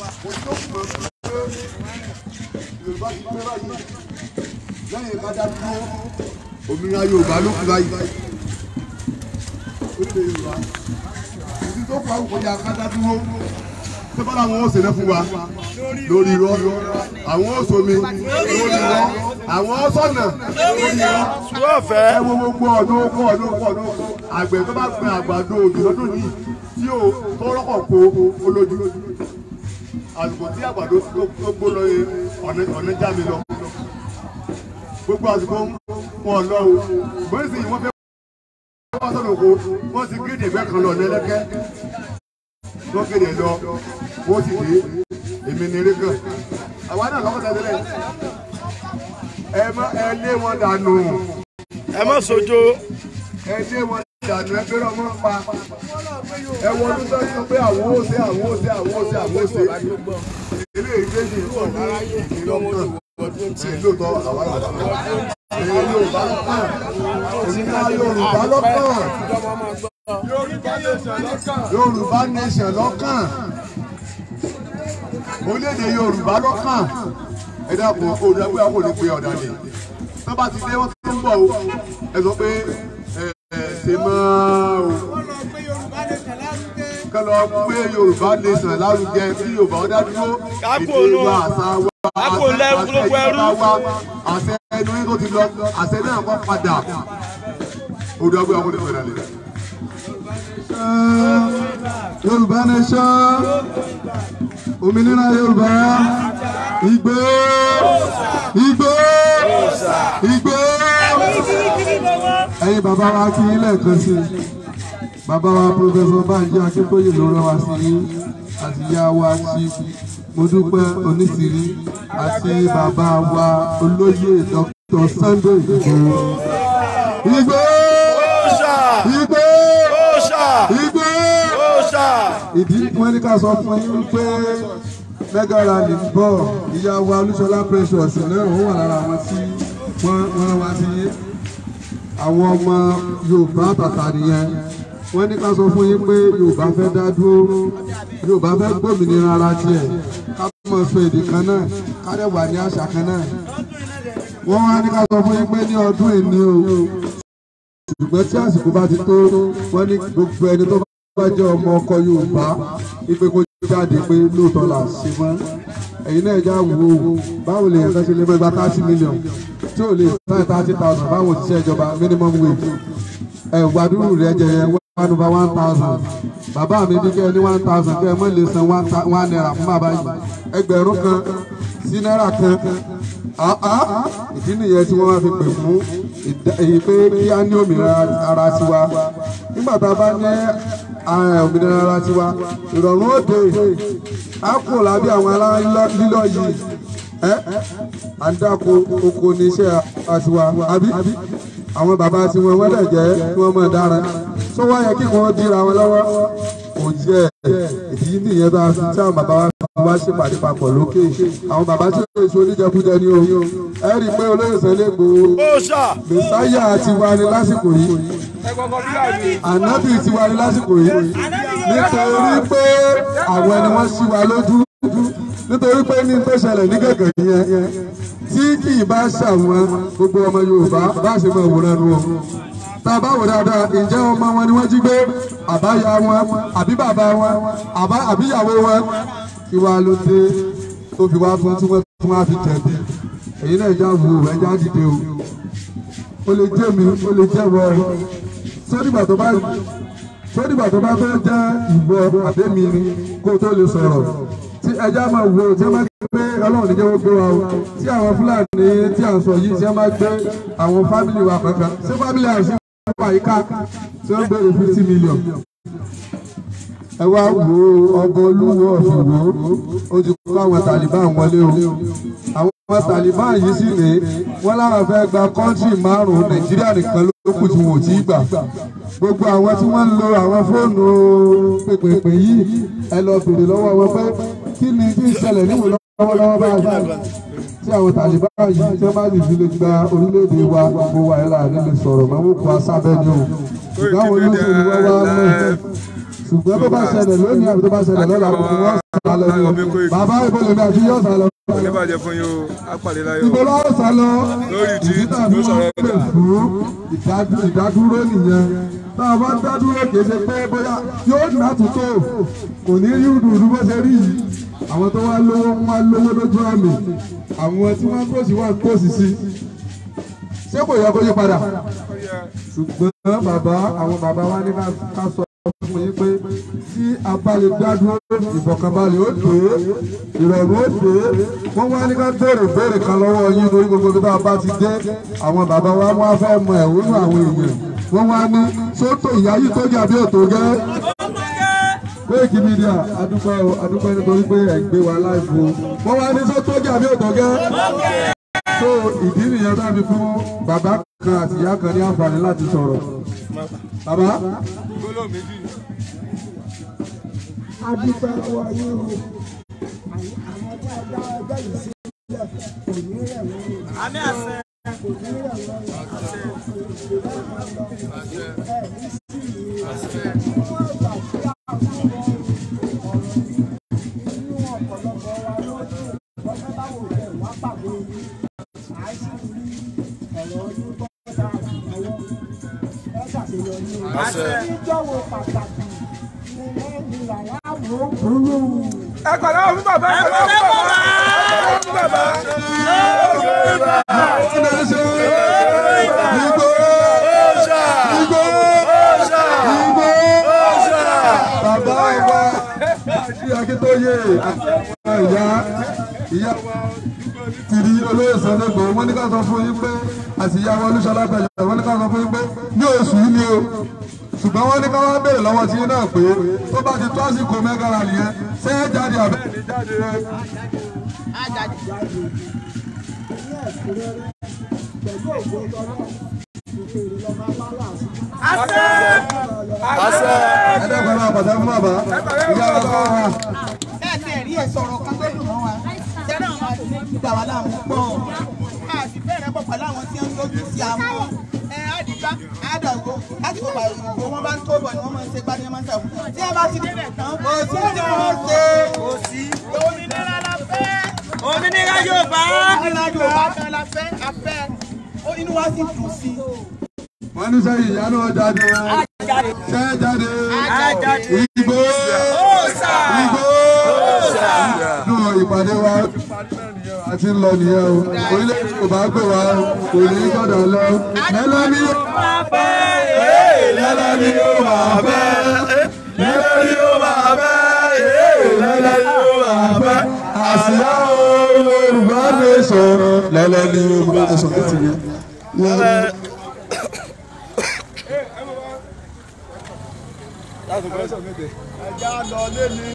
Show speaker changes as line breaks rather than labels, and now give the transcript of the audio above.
mo tó mọ̀ pé yorùbá ti pẹ́ báyìí lẹ́yìn kájà dúró òmìnira yorùbá ló kú báyìí ó lè yorùbá ìdí tó pa òkòjà kájà dúró tó bá làwọn ọ̀sẹ̀ náà fún wa lórí irọ́ àwọn ọ̀sọ̀mi lórí irọ́ àwọn ọ̀sọ̀nà lórí irọ́. wọ́n fẹ́. ẹ wo gbogbo ọdún ogún ọdún ogún ọdún àgbẹ̀ tó bá gbin àgbàdo òdòdó yìí tí ó tọ́rọ́kọ̀ po olójú àsìkò tí àgbàdo tó gbó lọ ọ̀nà já mi lọ gbogbo àsìkò wọn lọ o bóyá sì wọ́n fẹ́ wọ́n sọ̀rọ̀ kó wọ́n ti gédè ẹgbẹ́ kan lọ lẹ́lẹ́kẹ́ wọ́n gédè lọ wọ́n sì dé èmi ní eré kan àwa náà lọ́kọ̀tà tẹ́lẹ̀ ẹ má ẹ lé wọn dànù. ẹ má sojo. ẹ lé wọn ìdànù ẹgbẹ́ rẹ̀ máa ń pa ẹwọ ọdún tó sọ pé àwọn ó ṣe àwọn ó ṣe àwọn ó ṣe àwọn ó ṣe ilé ìkejì ìlú rárá yìí kì ìlú tó àwọn àwọn Yorùbá lọ́kàn Yorùbá lọ́kàn lọ́kàn orílẹ̀-èdè Yorùbá lọ́kàn ẹ dákun olùdarí àwọn olùpẹ̀ ọ̀dàlẹ̀ tó bá ti dé wọ́n ti ń bọ̀ ẹ sọ pé ṣe mọ́ o kọ́ lọ gbé Yorùbá nation lárugẹ tí Yorùbá ọ̀dá dúró ìdílé wa àṣà wa àṣẹ ìjọba wa àṣẹ ẹnu yìí tó ti lọ àṣẹ náà kọ́ padà odò agbé àwọn olùfẹ́ rẹ̀ lẹ́yìn. Yorùbá nation
òmìnira Yorùbá Ìgbò Ìgbò Ìgbò ẹ̀yin bàbá wa kí yín lẹ́ẹ̀kan sí i bàbá wa pọfẹsọ Bánjí Akíntóyè ló wa sí i àtìyá wa sí Modúpẹ́ Onísìrí àti bàbá wa olóyè Dr. Sunday Igboho.
Ìgbó Ìgbó Ìgbó
ìdí wọn ní ká sọ fún yín pé mega rally ń bọ̀ ìyá wa Olúṣọlá precious náà ó wà lára àwọn tí wọ́n wá sí yín àwọn ọmọ Yorùbá tàtà nìyẹn wọ́n ní ká sọ fún yín pé Yorùbá fẹ́ dá dúró Yorùbá fẹ́ gbòmìnira ara tiẹ̀ ká mọ̀ sọ èdè kan náà ká dẹ̀ wà ní àṣà kan náà wọ́n wá ní ká sọ fún yín pé ní ọdún ìní o ṣùgbọ́n tí àsìkò bá ti tó wọ́n ní gbogbo ẹni tó bá jẹ́ ọmọ ọkọ Yorùbá ipe kó jáde pé lóòótọ́ là ṣe mọ́ ẹ̀yin náà já wò ó báwo lè yẹn fẹ́ ṣe lé mọ́ ẹgbàá thirty million tí ò lè sign thirty thousand báwọn òṣìṣẹ́ ìjọba minimum wage ẹ̀wàdúró rẹ̀ jẹ yẹn one over one thousand bàbá mi ní kẹ́ ẹ ní one thousand kẹ́ ẹ mọ̀ lè san one naira fún bàbá yìí ẹgbẹ̀rún kan sí náírà kan ah, ah. ìdí nìyẹn tí wọ́n máa fi pè fún èyí pé kí á ní òmìnira ara tiwa nígbà tá a bá ní òmìnira ara tiwa ìrọ̀rùn òde á kù lábẹ́ àwọn aláìlọ́ yìí à ń dáko oko ní iṣẹ́ àtiwá àbí àwọn bàbá tí wọ́n wẹ́lẹ̀ jẹ́ kí wọ́n mọ̀ dára tó wá yẹ kí wọ́n dira wọn lọ́wọ́ kò jẹ́ ìdí nìyẹn bá fi tí àwọn bàbá wa ṣe pàdé papọ̀ lókè àwọn bàbá tí wọ́n ṣe oníjẹkújẹ ní o ẹ rí i pé olóyè Sunday Igboho mẹsáyà tiwa ni lásìkò yìí ànábì tiwa ni lásìkò yìí nítorí pé àwọn ẹni wọ́n ṣí wa lójú nítorí pé ní tó ṣẹlẹ̀ ní gẹ̀gẹ̀ yẹn tí kì í bá ṣàwọn gbogbo ọmọ Yorùbá bá ṣe máa wòran nu o tá a bá wò dáadáa ǹjẹ́ ọmọ wọn ni wọ́n jí gbé àbáyá wọn àbí bàbá wọn àbíyàwó wọn kí wàá ló dé tó fi wá fún tí wọ́n fún wa fi jẹ̀bi èyí náà já wù ú ẹja dìde o ó lè jẹ́ mi ó lè jẹ́ wọ sódìgbà tó bá sódìgbà tó bá fẹ́ jẹ́ ìwọ àbẹ́mi ni kó tó lè sọ̀rọ̀ ẹja máa wo tí wọ́n bá gbé ọlọ́run níjẹ́ wọ́n gbé wa o tí àwọn fúlàní tí à ń sọ yìí tí wọ́n bá gbé àwọn fámìlì wa kankan ṣé fámìlì àìsí wà yíká tí wọ́n gbèrè fifty million. ẹ wá wo ọba olúwo ọ̀ṣun wo ó ti kó àwọn Taliban wọlé o àwọn Taliban yìí sì ní wọ́n láwọn fẹ́ gba kọ́ńtì márùn-ún Nàìjíríà nìkan ló kù tí wọn ò tí ì gbà gbogbo àwọn tí wọ́n ń lo àwọn fóònù pèpèpè yìí ẹ lọ bèrè lọ́wọ́ wọn pé kí ni tí ń ṣẹlẹ̀ níwò lọ́wọ́lọ́wọ́ báyìí tí àwọn tàlíbá yìí tí wọ́n bá lè fi lè gba orílẹ̀-èdè wa gbogbo wa ẹ̀la nílé sọ̀rọ̀ mọ́ kó asábẹ́ ní o ṣùgbọ́n àwọn olóṣèlú wa wá mọ́ ṣùgbọ́n tó bá ṣẹlẹ̀ lónìí àbí tó bá ṣẹlẹ̀ lọ́la gbogbo wọn sá lọ ní o bàbá ìbọ̀lẹ̀ mi àti yóò lọ. oníbàjẹ́ fún lọ ìdítà ni wọ́n pè fún ìdádúró nìyẹn tá a bá dádúró kéde pé bóyá yóò nà tuntun kò ní rí dùdú bó ṣe rí yìí àwọn tó wá lówó ń wá lówó lójú àmì àwọn tí wọ́n ń tòṣì wà ń tòṣì sí ṣé kò yẹ kó yí padà ṣùgbọ́n bàbá àwọn bàbá wa ní ká sọ fún yín pé tí a bá lè dádúró ìfọ̀kànbalẹ̀ ó dé ìrọ̀rùn ó dé wọ́n wá ní ká béèrè béèrè kan lọ́wọ́ yín torí gbogbo bí bá ti dé àwọn bàbá wa wọ́n á fẹ́ mọ ẹ̀hónú àwọn èèyàn wọ́n wá ní sótò ìyá yìí tó jà bí ètò gẹ́. Bẹ́ẹ̀kì mídíà adúpẹ́ o adúpẹ́ nítorí pé ẹ̀ ń gbé wa láìpẹ́ Wọ́n wá ní sọ́tọ́jà bí òtọ́gẹ́. So ìdí nìyẹn tá a fún bàbá kan àti ìyá kan ní àǹfààní láti sọ̀rọ̀. Bàbá. Adúpẹ́ lọ́wọ́
ẹ̀kọ́
náà fún bàbá ẹ̀kọ́ náà fún bàbá ẹ̀kọ́ náà fún bàbá ẹ̀kọ́ náà fún bàbá ìgbò ọ̀ṣà ìgbò ọ̀ṣà ìgbò ọ̀ṣà bàbá ìwà àti akíntóye àti ìyá ìyá wa tìrí olóyè Sunday wọn ní ká sọ fún yín pé àtìyáwó Olúṣọlá Gbàjọbà wọn ní ká sọ fún yín pé ní oṣù yìí ni o ṣùgbọ́n wọ́n ní ká wá béèrè lọ́wọ́ tí náà pé tó bá ti tó àsìkò mẹ́gàrà nìyẹn ṣé é jáde àbẹ́ ní jáde rẹ.
àṣẹ àṣẹ ẹ̀ẹ́dẹ́gbẹ̀rún àpàtà
fún bàbá ìyá bàbá bẹ́ẹ̀ ni ẹ̀rí ẹ̀ sọ̀rọ̀ kan tó ń dà wá láàmú pọ̀ a sì bẹ̀rẹ̀ pọ̀ pẹ̀lú àwọn tí wọ́n ń lójú sí àwọn àdìgbà àdàgbò láti kó bàrù wọn bá ń tó bọ̀ ni wọ́n máa ń ṣe gbá ní ẹ̀ máa ń ṣàwù tí ẹ bá ti dé tán kò sí tí wọ́n ṣe kò sí òmìnira la fẹ́ òmìnira yóò bá òmìnira yóò bá kan la fẹ́ afẹ́ inú wa sì dùn sí wọ́n ní sẹ́yìn ìyá jáde ṣẹ́ jáde Ìgbò Ìgbò nù ìpàdé wa a ti ń lọ nìyẹn o orílẹ̀-èdè kò bá pè wá kò ní gbọ́dọ̀ lọ mẹ́lọ́mí yóò máa pẹ́ mẹ́lọ́mí yóò máa pẹ́ mẹ́lọ́mí yóò máa pẹ́ mẹ́lọ́mí yóò máa pẹ́ àṣìyá Yorùbá lè sọ̀rọ̀ lẹ́lọ́mí Yorùbá lè sọ̀rọ̀ ti
yẹn.